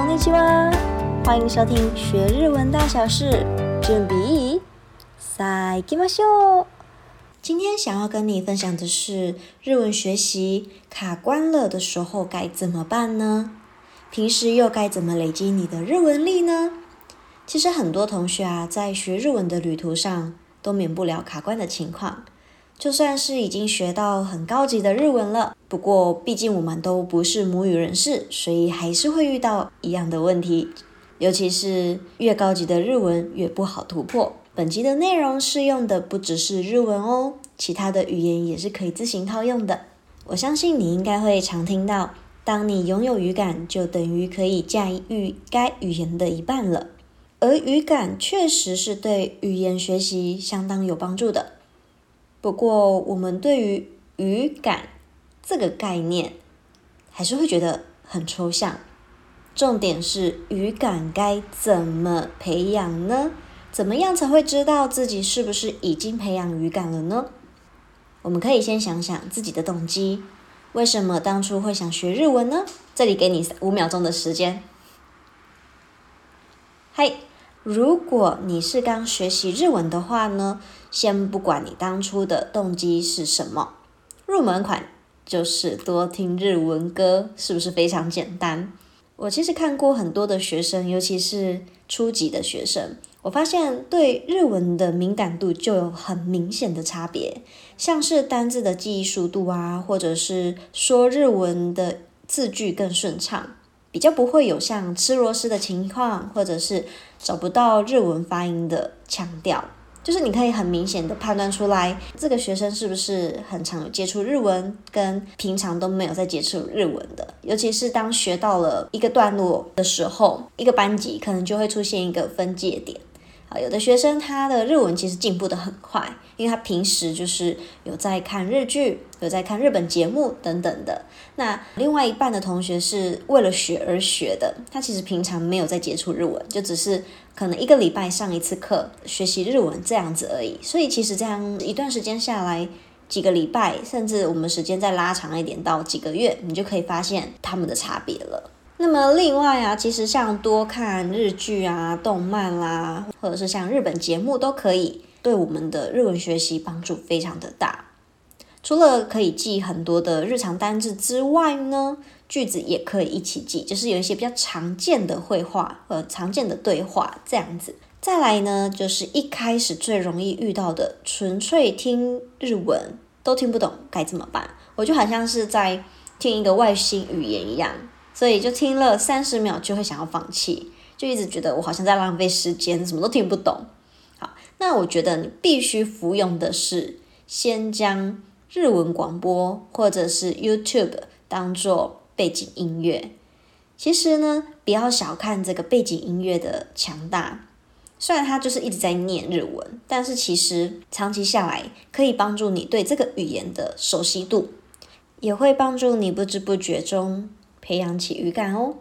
こんにちは。歡迎收聽學日文大小事，準備、さあ、行きましょう。今天想要跟你分享的是，日文學習卡關了的時候該怎麼辦呢？平時又該怎麼累積你的日文力呢？其實很多同學啊，在學日文的旅途上，都免不了卡關的情況。就算是已經學到很高級的日文了，不過畢竟我們都不是母語人士，所以還是會遇到一樣的問題。尤其是越高級的日文越不好突破。本集的內容適用的不只是日文哦，其他的語言也是可以自行套用的。我相信你應該會常聽到，當你擁有語感，就等於可以駕馭該語言的一半了。而語感確實是對語言學習相當有幫助的。不過，我們對於語感這個概念，還是會覺得很抽象。重點是，語感該怎麼培養呢？怎麼樣才會知道自己是不是已經培養語感了呢？我們可以先想想自己的動機，為什麼當初會想學日文呢？這裡給你五秒鐘的時間。嗨，如果你是剛學習日文的話呢，先不管你當初的動機是什麼，入門款就是多聽日文歌，是不是非常簡單？我其實看過很多的學生，尤其是初級的學生，我發現對日文的敏感度就有很明顯的差別，像是單字的記憶速度啊，或者是說日文的字句更順暢，比較不會有像吃螺絲的情況，或者是找不到日文發音的腔調。就是你可以很明顯的判斷出來，這個學生是不是很常有接觸日文，跟平常都沒有在接觸日文的，尤其是當學到了一個段落的時候，一個班級可能就會出現一個分界點。啊，有的學生他的日文其實進步得很快，因為他平時就是有在看日劇，有在看日本節目等等的。那另外一半的同學是為了學而學的，他其實平常沒有在接觸日文，就只是可能一個禮拜上一次課學習日文這樣子而已。所以其實這樣一段時間下來，幾個禮拜，甚至我們時間再拉長一點到幾個月，你就可以發現他們的差別了。那麼另外啊，其實像多看日劇啊、動漫啦，或者是像日本節目都可以，對我們的日文學習幫助非常的大。除了可以記很多的日常單字之外呢，句子也可以一起記，就是有一些比較常見的會話，呃常見的對話這樣子。再來呢，就是一開始最容易遇到的，純粹聽日文都聽不懂該怎麼辦？我就好像是在聽一個外星語言一樣。所以就聽了三十秒就會想要放棄，就一直覺得我好像在浪費時間，什麼都聽不懂。好，那我覺得你必須服用的是先將日文廣播或者是 YouTube 當做背景音樂。其實呢，不要小看這個背景音樂的強大。雖然它就是一直在念日文，但是其實長期下來可以幫助你對這個語言的熟悉度，也會幫助你不知不覺中。培養起語感哦。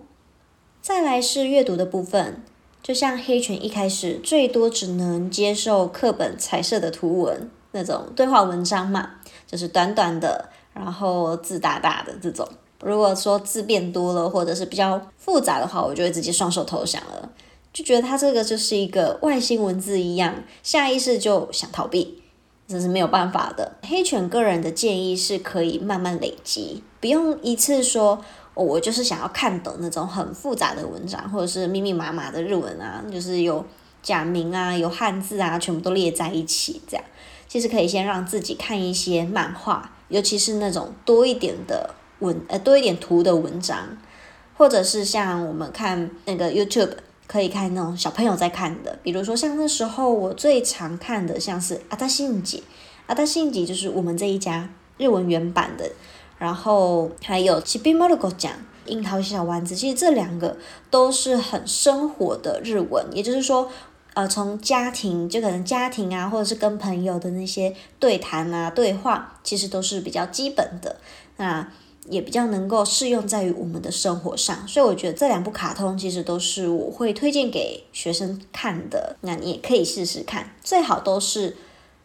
再來是閱讀的部分，就像黑犬一開始最多只能接受課本彩色的圖文那種對話文章嘛，就是短短的，然後字大大的這種。如果說字變多了，或者是比較複雜的話，我就會直接雙手投降了，就覺得它這個就是一個外星文字一樣，下意識就想逃避，這是沒有辦法的。黑犬個人的建議是可以慢慢累積，不用一次說。我就是想要看懂那種很複雜的文章，或者是密密麻麻的日文啊，就是有假名啊，有漢字啊，全部都列在一起這樣。其實可以先讓自己看一些漫畫，尤其是那種多一點的文，呃，多一點圖的文章，或者是像我們看那個 YouTube，可以看那種小朋友在看的，比如說像那時候我最常看的，像是《あたしンち》，《あたしンち》就是我們這一家日文原版的。然後還有《Chibimaru》的講《櫻桃小丸子》，其實這兩個都是很生活的日文，也就是說，呃，從家庭就可能家庭啊，或者是跟朋友的那些對談啊、對話，其實都是比較基本的，那也比較能夠適用在於我們的生活上。所以我覺得這兩部卡通其實都是我會推薦給學生看的，那你也可以試試看，最好都是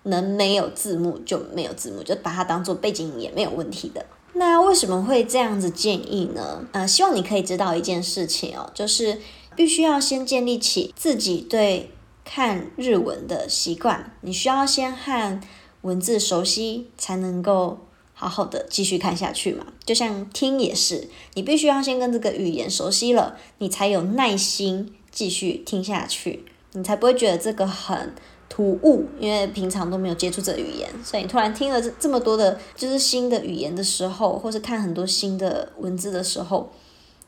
能沒有字幕就沒有字幕，就把它當做背景也沒有問題的。那為什麼會這樣子建議呢？呃，希望你可以知道一件事情哦，就是必須要先建立起自己對看日文的習慣。你需要先和文字熟悉，才能夠好好的繼續看下去嘛。就像聽也是，你必須要先跟這個語言熟悉了，你才有耐心繼續聽下去，你才不會覺得這個很。突兀，因為平常都沒有接觸這語言，所以你突然聽了這這麼多的，就是新的語言的時候，或是看很多新的文字的時候，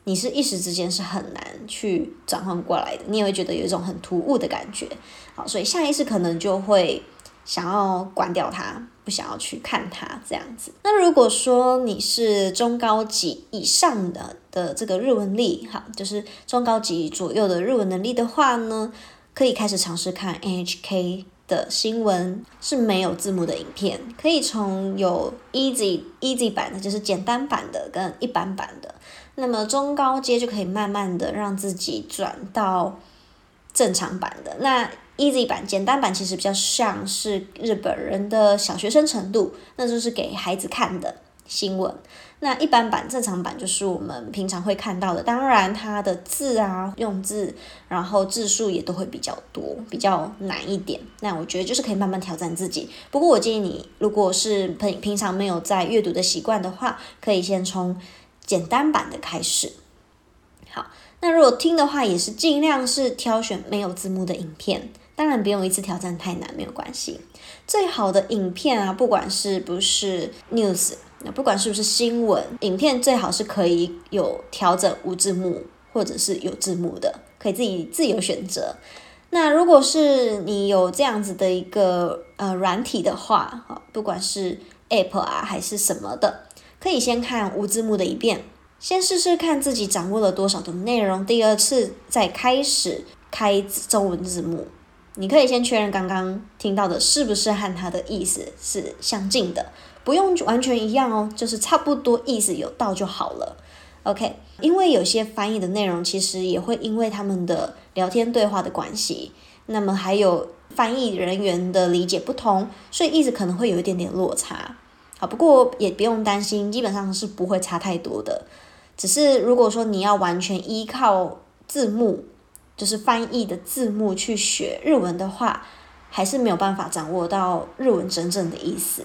你是一時之間是很難去轉換過來的，你也會覺得有一種很突兀的感覺。好，所以下意識可能就會想要關掉它，不想要去看它這樣子。那如果說你是中高級以上的的這個日文力，哈，就是中高級左右的日文能力的話呢？可以開始嘗試看 NHK 的新聞，是沒有字幕的影片。可以從有 easy easy 版的，就是簡單版的跟一般版的,那麼中高階就可以慢慢的讓自己轉到正常版的。那 easy 版，簡單版其實比較像是日本人的小學生程度，那就是給孩子看的。新聞，那一般版、正常版就是我們平常會看到的，當然它的字啊、用字，然後字數也都會比較多，比較難一點。那我覺得就是可以慢慢挑戰自己。不過我建議你，如果是平平常沒有在閱讀的習慣的話，可以先從簡單版的開始。好，那如果聽的話，也是盡量是挑選沒有字幕的影片。當然，不用一次挑戰太難，沒有關係。最好的影片啊，不管是不是 news。那不管是不是新聞影片，最好是可以有調整無字幕，或者是有字幕的，可以自己自由選擇。那如果是你有這樣子的一個呃軟體的話，不管是 App 啊，還是什麼的，可以先看無字幕的一遍，先試試看自己掌握了多少的內容。第二次再開始開中文字幕，你可以先確認剛剛聽到的是不是和它的意思是相近的。不用完全一樣哦，就是差不多意思有到就好了。OK，因為有些翻譯的內容其實也會因為他們的聊天對話的關係，那麼還有翻譯人員的理解不同，所以意思可能會有一點點落差。好，不過也不用擔心，基本上是不會差太多的。只是如果說你要完全依靠字幕，就是翻譯的字幕去學日文的話，還是沒有辦法掌握到日文真正的意思。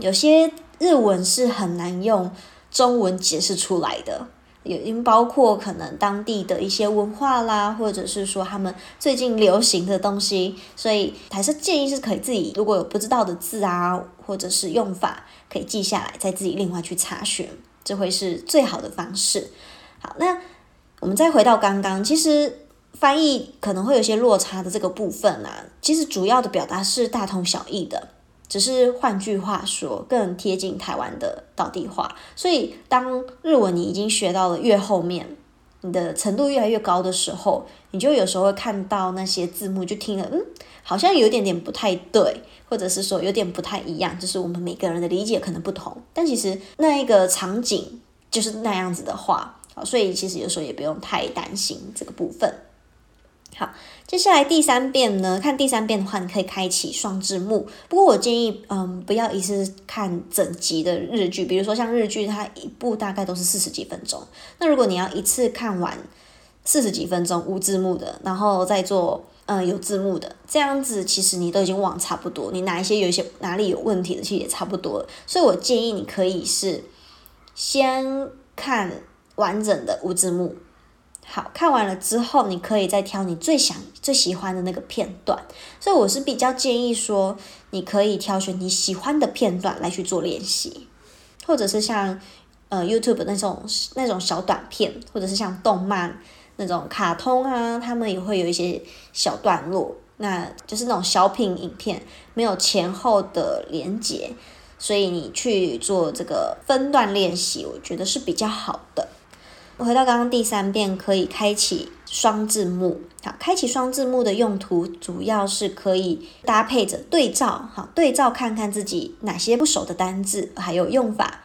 有些日文是很難用中文解釋出來的，也包括可能當地的一些文化啦，或者是說他們最近流行的東西，所以還是建議是可以自己如果有不知道的字啊，或者是用法，可以記下來，再自己另外去查詢，這會是最好的方式。好，那我們再回到剛剛，其實翻譯可能會有些落差的這個部分啊，其實主要的表達是大同小異的。只是換句話說，更貼近台灣的道地話。所以，當日文你已經學到了越後面，你的程度越來越高的時候，你就有時候會看到那些字幕，就聽了，嗯，好像有點點不太對，或者是說有點不太一樣，就是我們每個人的理解可能不同。但其實那一個場景就是那樣子的話，好，所以其實有時候也不用太擔心這個部分。好，接下來第三遍呢？看第三遍的話，你可以開啟雙字幕。不過我建議，嗯，不要一次看整集的日劇。比如說像日劇，它一部大概都是四十幾分鐘。那如果你要一次看完四十幾分鐘，無字幕的，然後再做嗯，有字幕的，這樣子其實你都已經忘差不多。你哪一些有一些哪裡有問題的，其實也差不多。所以我建議你可以是先看完整的無字幕。好，看完了之後，你可以再挑你最想、最喜歡的那個片段。所以我是比較建議說，你可以挑選你喜歡的片段來去做練習，或者是像，呃，YouTube 那種那種小短片，或者是像動漫那種卡通啊，他們也會有一些小段落，那就是那種小品影片沒有前後的連接，所以你去做這個分段練習，我覺得是比較好的。回到剛剛第三遍，可以開啟雙字幕。好，開啟雙字幕的用途主要是可以搭配着對照，哈，對照看看自己哪些不熟的單字還有用法。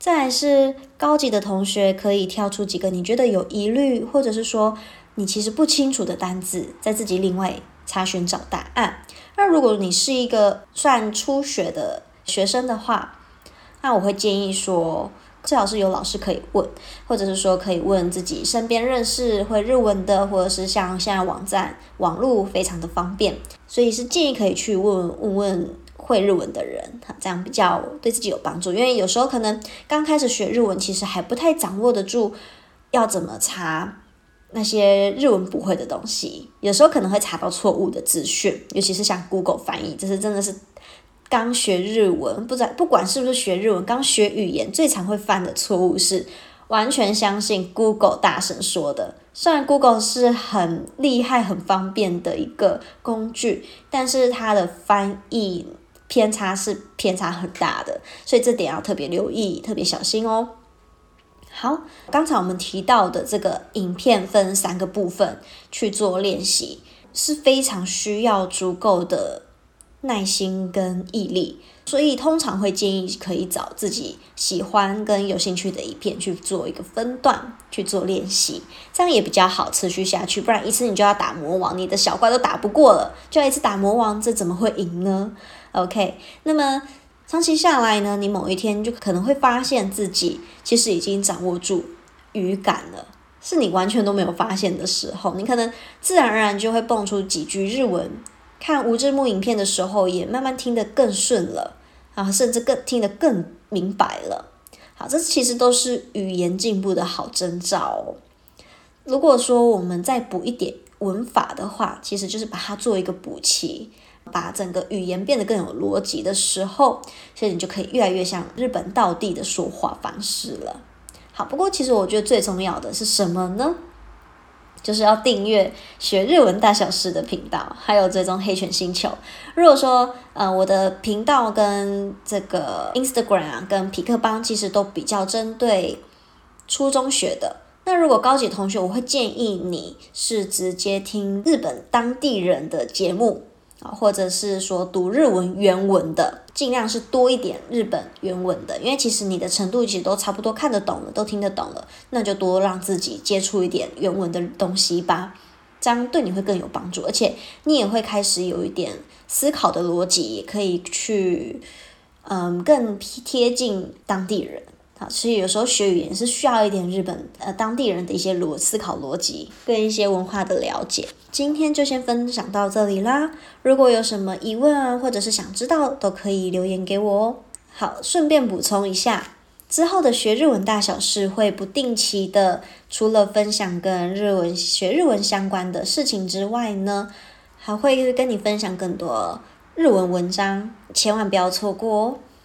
再來是高級的同學可以挑出幾個你覺得有疑慮，或者是說你其實不清楚的單字，在自己另外查詢找答案。那如果你是一個算初學的學生的話，那我會建議說。最好是有老師可以問，或者是說可以問自己身邊認識會日文的，或者是像現在網站網絡非常的方便，所以是建議可以去問問問問會日文的人，哈，這樣比較對自己有幫助。因為有時候可能剛開始學日文，其實還不太掌握得住要怎麼查那些日文不會的東西，有時候可能會查到錯誤的資訊，尤其是像 Google 翻譯，這是真的是。剛學日文，不知道不管是不是學日文，剛學語言最常會犯的錯誤是完全相信 Google 大神說的。雖然 Google 是很厲害、很方便的一個工具，但是它的翻譯偏差是偏差很大的，所以這點要特別留意、特別小心哦。好，剛才我們提到的這個影片分三個部分去做練習，是非常需要足夠的。耐心跟毅力，所以通常會建議可以找自己喜歡跟有興趣的影片去做一個分段去做練習，這樣也比較好持續下去。不然一次你就要打魔王，你的小怪都打不過了，就要一次打魔王，這怎麼會贏呢？OK，那麼長期下來呢，你某一天就可能會發現自己其實已經掌握住語感了，是你完全都沒有發現的時候，你可能自然而然就會蹦出幾句日文。看無字幕影片的時候，也慢慢聽得更順了啊，甚至更聽得更明白了。好，這其實都是語言進步的好徵兆哦。如果說我們再補一點文法的話，其實就是把它做一個補齊，把整個語言變得更有邏輯的時候，所以你就可以越來越像日本道地的說話方式了。好，不過其實我覺得最重要的是什麼呢？就是要訂閱學日文大小事的頻道，還有追蹤黑犬星球。如果說，呃，我的頻道跟這個 Instagram 跟匹克邦其實都比較針對初中學的。那如果高級同學，我會建議你是直接聽日本當地人的節目啊，或者是說讀日文原文的。盡量是多一點日本原文的，因為其實你的程度其實都差不多看得懂了，都聽得懂了，那就多讓自己接觸一點原文的東西吧，這樣對你會更有幫助，而且你也會開始有一點思考的邏輯，可以去，嗯，更貼近當地人。好，所以有時候學語言是需要一點日本呃當地人的一些邏思考邏輯跟一些文化的了解。今天就先分享到這裡啦。如果有什麼疑問啊，或者是想知道，都可以留言給我哦。好，順便補充一下，之後的學日文大小事會不定期的，除了分享跟日文學日文相關的事情之外呢，還會跟你分享更多日文文章，千萬不要錯過哦。